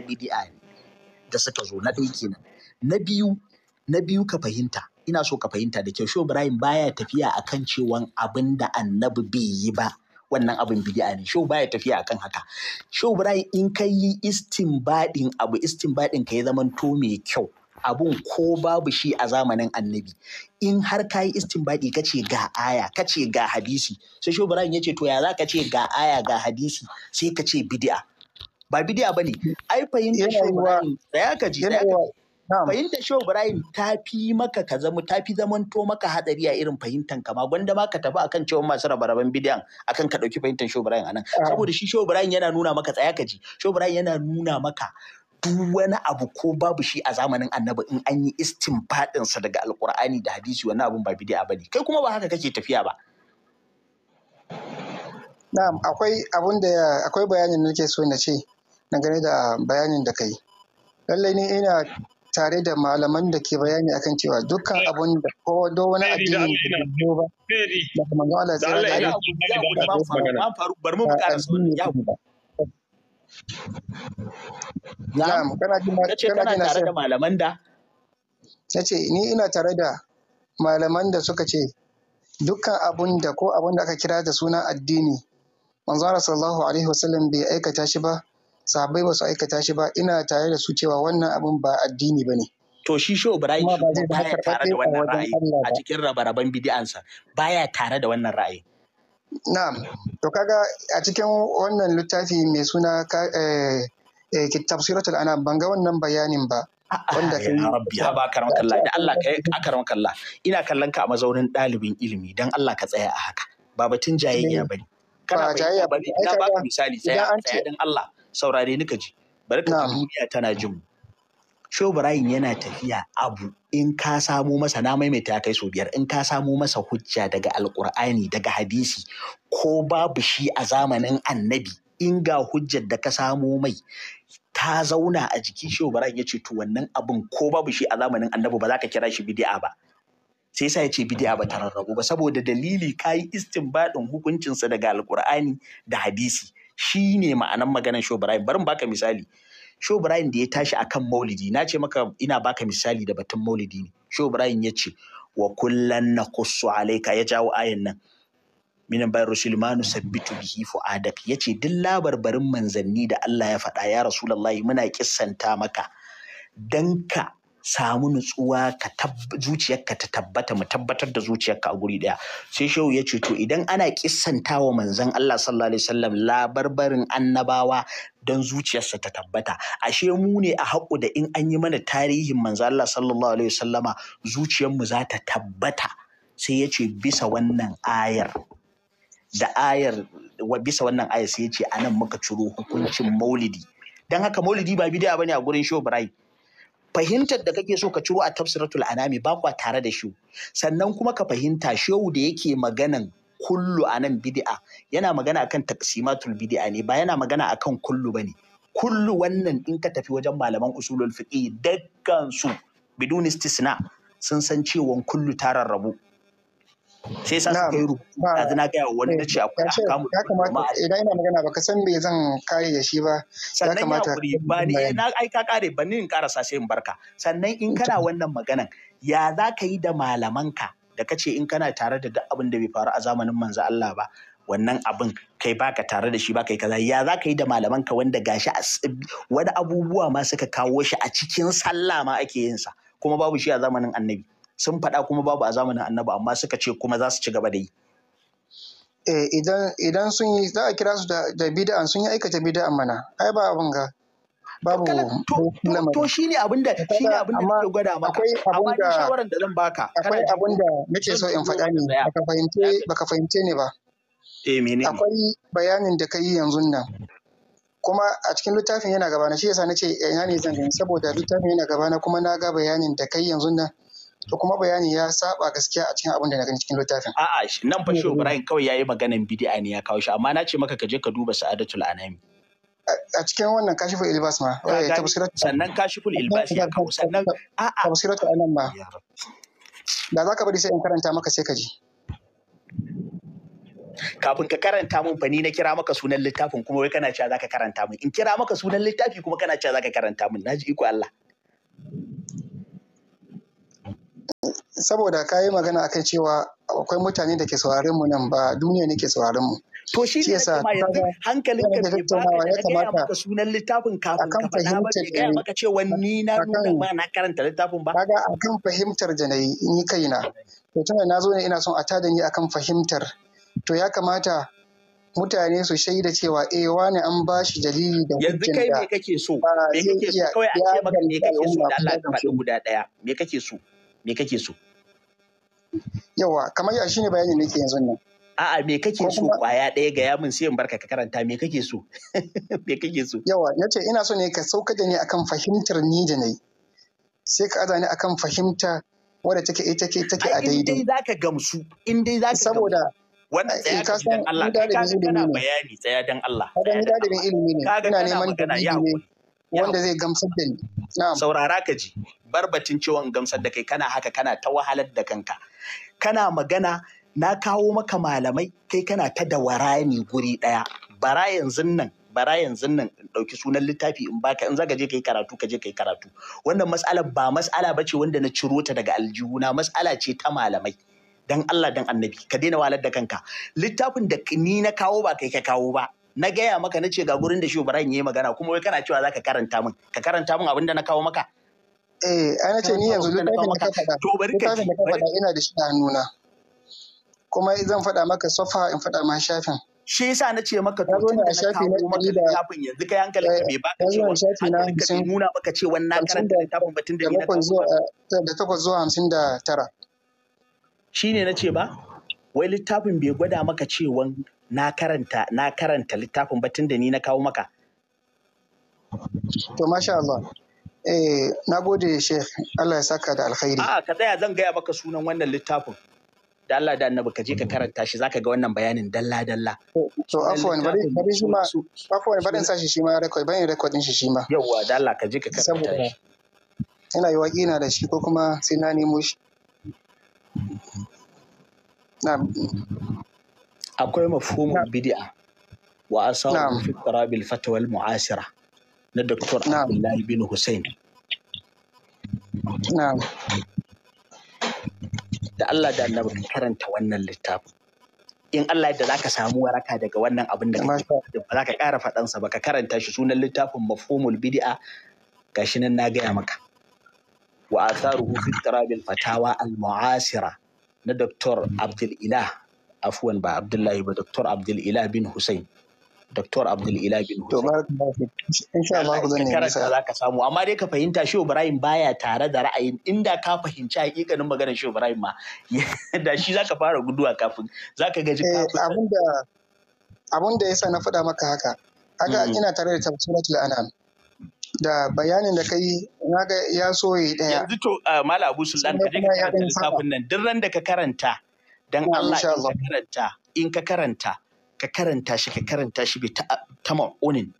bid'a da suka zo na ɗaya kenan na biyu na biyu ka fahimta ina so ka fahimta da kyau shi Ibrahim baya tafiya a kan cewan abin da annabi bai yi ba wannan abin bid'a ne shehu baya tafiya akan haka shehu Ibrahim in ka yi istinbadin abu istinbadin ka ya zaman to mai kyau abun ko babu shi a zamanin annabi in har ka yi istinbadi ka ce ga aya ka ce ga hadisi sai shehu Ibrahim ya ce to ya za ka ce ga aya ga hadisi sai ka ce bidi'a ba bidiya bane ai fahimta shehu tsaya ka ji fahimta shehu ta fi maka ka zama ta fi zamanto maka hadari a irin fahimtan ka ma gwanda ma ka tafi akan cewa masu rabaraban bidiyan akan ka dauki fahimtan shehu Ibrahim anan saboda shi shehu yana nuna maka tsaya ka ji yana nuna maka duk wani abu ko babu shi a zamanin annabi in an yi istin faɗinsa daga alkur'ani da hadisi wani abun ba bidiya bane kai kuma ba haka kake tafiya ba na'am akwai abun da akwai bayanin nake so na ce dangane da bayanin da kai lallai ne ina tare da malaman da ke bayani akan cewa dukkan eh. abun da ko do wani addini da ke ba da kuma ga Allah tsira da Allah faru bar mu buƙara ya guba na'am kana jin kana jin tare da malaman da nace ni ina tare da malaman da suka ce dukkan abun da ko abun da aka kira da sunan addini manzo sallallahu alaihi wasallam bai aikata shi ba sahabbai ba su aikata shi ba ina tare da su cewa wannan abin ba addini ba ne. To shi shi Obirai baya tare da wannan ra'ayi a cikin rabaraban bidi'ansa baya tare da wannan ra'ayi. Na'am, to kaga a cikin wannan littafi mai suna eh, eh, tafsiratul ana ban ga wannan bayanin ba. Wanda ka yi. Rabbi ha ba karamar kalla da Allah ka a karamar kalla ina kallon ka a mazaunin ɗalibin ilimi don Allah ka tsaya a haka ba batun jayayya eh. bane. Kana jayayya bane ina ka misali tsaya tsaya don Allah. saurare ni ka ji bari ka duniya tana jin Sho Brian yana tafiya abu in ka samo masa na maimaita kai su biyar in ka samo masa hujja daga alkur'ani daga hadisi ko babu shi a zamanin annabi in ga hujjar da ka samo mai ta zauna a jiki Sho baran ya ce to wannan abin ko babu shi a zamanin annabi ba za ka kira shi bidi'a ba sai sa ya ce bidi'a ba ta rarrabu ba saboda dalili ka yi istinbadin hukuncinsa daga alkur'ani da hadisi shi ne ma'anan maganar Sho barin baka misali Sho da ya tashi akan Maulidi na ce maka ina baka misali da batun Maulidi ne Sho ya ce wa kullan kusu alaika ya jawo ayan nan min bai rusulmanu sabbitu bihi fu'adak ce duk labarbarin manzanni da Allah ya faɗa ya rasulallahi muna kissanta maka don ka samu nutsuwa ka zuciyarka ta tabbata mu tabbatar da zuciyarka a guri daya sai shehu ya ce to idan ana kissantawa manzon Allah sallallahu alaihi wasallam labarbarin annabawa dan zuciyarsa ta tabbata ashe mu ne a haƙu da in an yi mana tarihin manzon Allah sallallahu alaihi wasallama zuciyarmu za ta tabbata sai ya ce bisa wannan ayar da ayar bisa wannan ayar sai ya ce anan muka ciro hukuncin maulidi dan haka maulidi ba bidiya bane a gurin shehu Ibrahim fahimtar da kake so ka ciro a tafsiratul anami ba kwa tare da shi sannan kuma ka fahimta shehu da yake maganan kullu a nan bid'a yana magana akan taqsimatul bid'a ne ba yana magana akan kullu ba ne. kullu wannan in ka tafi wajen malaman usulul fiqh dukkan su biduni istisna sun san cewa kullu tararrabu rabu sai sa suka yi rubutu na gaya wani na ce eh, akwai ahkamu ya kamata idan ina magana baka san me zan kare da shi ba ya kamata ba ni na ai ka kare ba ni in karasa sai in barka sannan in kana wannan maganan ya za ka yi da malamanka da ka ce in kana tare da duk abin da bai faru a zamanin manzo Allah ba wannan abin kai baka tare da shi baka yi kaza ya za ka yi da malamanka wanda gashi wani abubuwa ma suka kawo shi a cikin sallah ma ake yin sa kuma babu shi a zamanin annabi sun faɗa kuma babu a zamanin annabi amma suka ce kuma za su ci gaba da yi eh, idan sun yi za a kira su da bida'an sun yi aikata bida'an mana ai ba abin ga babu to ne abin da ne abin da ke gwada maka amma da shawaran da zan baka akwai abin da nake so in faɗa ne baka fahimce fahimce ne ba eh, akwai bayanin da kai yanzu nan kuma a cikin littafin yana gabana shi yasa nace ina ne zan gani saboda littafin yana gabana kuma na ga bayanin da kai yanzu nan to kuma bayani ya saba gaskiya a cikin abin da na gani cikin littafin a'a nan fa shehu mm. ibrahim kawai yayi maganan bid'a ne ya kawo shi amma na ce maka ka je ka duba sa'adatul anami a cikin wannan kashiful ilbas ma eh, sannan kashiful ilbas ya kawo sannan a'a tafsiratul anami ma da zaka bari sai in karanta maka sai ka ji kafin ka karanta min fa ni na kira maka sunan littafin kuma wai kana cewa zaka karanta min in kira maka sunan littafi kuma kana cewa zaka karanta min naji iko Allah saboda ka yi magana akan cewa akwai mutane da ke saurarin mu nan ba duniya ne ke saurarin mu to shi ne yasa hankalin ka ke baka ya kamata maka sunan littafin kafin ka faɗa ba da gaya maka cewa ni na nuna ma na karanta littafin ba kaga akan fahimtar da nayi yi kaina to tunda na zo ne ina son a tada ni akan fahimtar to ya kamata mutane su shaida cewa eh wani an ba shi dalili da yanzu kai me kake so me kake so kawai a ce maka me kake so da Allah ka faɗi guda daya me kake so me kake so yawa kamar ya shine bayani nake yanzu nan a'a me kake so kwaya ɗaya ga yamin sai in barka ka karanta me kake so me kake so yawa nace ina so ne ka sauka da ni akan fahimtar ni da nayi sai ka aza ni akan fahimta wadda take ita take take a daidai Indai zaka gamsu indai dai zaka saboda wannan tsaya da Allah ka kana bayani tsaya dan Allah ka ilimi ne ina neman ilimi ne wanda zai gamsar da ni saurara ka ji barbatin ciwon gamsar da kai kana haka kana ta wahalar da kanka kana magana na kawo maka malamai kai kana ta da warayani guri ɗaya bara yanzu nan bara yanzu nan ɗauki sunan littafi in baka in zaka je kai karatu ka je kai karatu wannan matsalar ba mas'ala bace wanda na ciro ta daga aljihu na matsala ce ta malamai dan Allah dan annabi ka daina walar da kanka littafin da ni na kawo ba kai ka kawo ba na gaya maka na ce ga gurin da shi Ibrahim yi magana kuma wai kana cewa zaka karanta min ka karanta min abin da na kawo maka eh ana ce ni yanzu duk da ka to bari ka ji ina da shi a hannuna kuma zan faɗa maka sofa in faɗa ma shafin shi yasa na ce maka to tun da shafi na maka littafin yanzu kai hankali eh, ka bai baka cewa na sun nuna maka cewa na karanta littafin batun da ni na da takwas zuwa hamsin da tara shine na ce ba wai littafin bai gwada maka cewa na karanta na karanta littafin batun da ni na kawo maka to masha Allah eh na gode sheikh Allah ya saka da alkhairi a ka tsaya zan gaya maka sunan wannan littafin da Allah da annabi ka je ka karanta shi zaka ga wannan bayanin dalla dalla to afwan bari bari shi ma afwan bari sa shi shi ma record bayan record din shi shi ma yawa da Allah ka je ka karanta shi ina yi waƙina na da shi ko kuma sai na nemo shi na akwai mafhumul bid'a wa asabu fi qarabil fatwa mu'asira na Dr. Abdullahi bin Hussein da Allah da Annabi ka karanta wannan littafin in Allah yadda zaka samu waraka daga wannan abin da ba za ka ƙara faɗansa ba ka karanta shi sunan littafin mafhumul bid'a gashi nan na gaya maka wa atharuhu fi tarabil fatawa al mu'asira na Dr. Abdul Ilah afwan ba abdullahi ba Dr. abdul ila bin hussein Dr. abdul ila bin hussein insha Allah zan yi samu amma dai ka fahimta shi ibrahim baya tare da ra'ayin inda ka fahimci hakikanin maganar shi ibrahim ma da shi zaka fara guduwa kafin zaka gaji eh, kafin abun da yasa na faɗa maka haka haka mm. ina tare da tafsiratul anam da bayanin da kai naga ya so daya yanzu to ah, mala abu sultan ka je ka karanta lissafin nan duk ran da ka karanta dan Allah in ka karanta in ka karanta ka karanta shi ka karanta shi bi ta ma'unin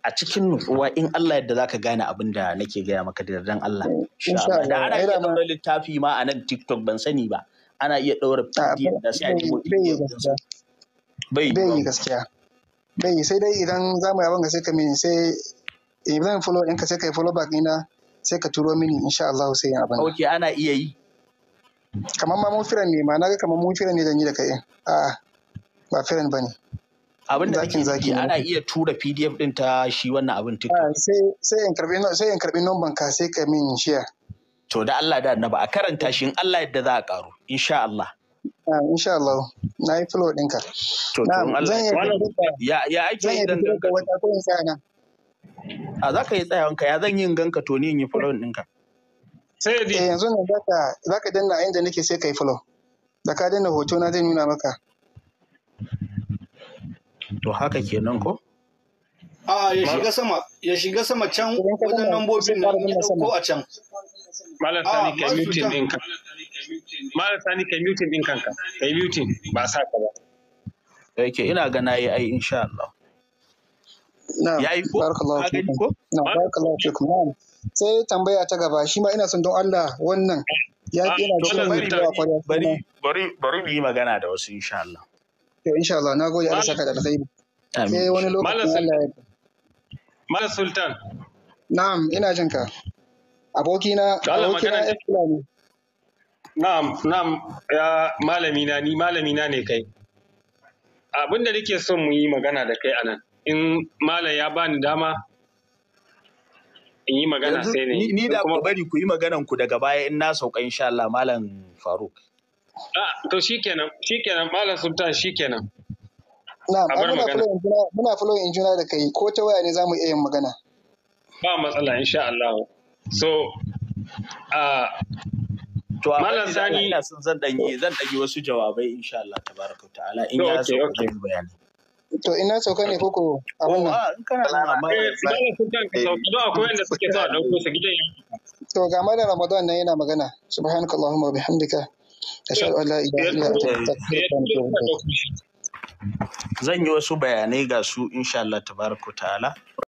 a cikin nutsuwa in Allah yadda zaka gane abin da nake gaya maka da dan Allah da ana iya daura littafi ma a nan TikTok ban sani ba ana iya daura bidiyo da sai a nemo bai bai gaskiya bai sai dai idan za mu yawan ga sai ka mini sai idan eh, follow ɗinka sai ka yi follow back ina sai ka turo mini insha Allah sai yin abin. Ok ana iya yi. kamar ma mun firan ne ma na ga kamar mun firan ne zan yi da kai a ba firan bane abin da ake zaki ana iya tura pdf din ta shi wannan abin tiktok ah, sai sai in karbi sai in karbi numban ka sai ka min shiya to da Allah da annaba a karanta shi in Allah yadda za a karo insha Allah ah, insha Allah na yi flow ka To, ya wata ko dan ganka. A za ka yi tsayawanka ya zan yin ganka to ni in yi flow ka sai eh, yanzu ne zaka ka danna inda nake sai kai follow da ka danna hoto na zai nuna maka to haka kenan ko a ya shiga sama ya shiga sama can wajen lambobin nan ko a can malam sani kai mutin din ka malam sani kai mutin din kanka kai mutin ba sa ka ba yake ina ga nayi ai insha Allah na ko barakallahu fikum na barakallahu fikum sai tambaya ta gaba shi ma ina son don Allah wannan ya ah, yana da shan mutu a kwarya bari bari bari mu yi magana da wasu insha Allah to insha Allah na gode Allah saka da alkhairi sai wani lokaci Allah ya Mala Sultan Na'am ina jin ka abokina abokina ne. Na'am na'am ya malami na ni malami na ne kai abin da nake son mu yi magana da kai anan in malam ya bani dama in yi magana sai ne ni da ku bari ku yi maganan ku daga baya in na sauka insha Allah malam Faruk Ah, to shikenan shikenan malam Sultan shikenan na'am muna follow in juna da kai ko ta waya ne zamu iya yin magana ba matsala insha Allah so ah To a Malam Sani ina son zan danyi zan danyi wasu jawabai insha Allah tabaraka ta'ala in ya so bayani. to ina sauka ne koko eh. a wannan to ga malam Ramadan nan yana magana subhanakallahumma wa bihamdika ashhadu an la ilaha illa anta astaghfiruka wa atubu ilaik zan yi wasu bayanai ga su insha Allah tabaraka ta'ala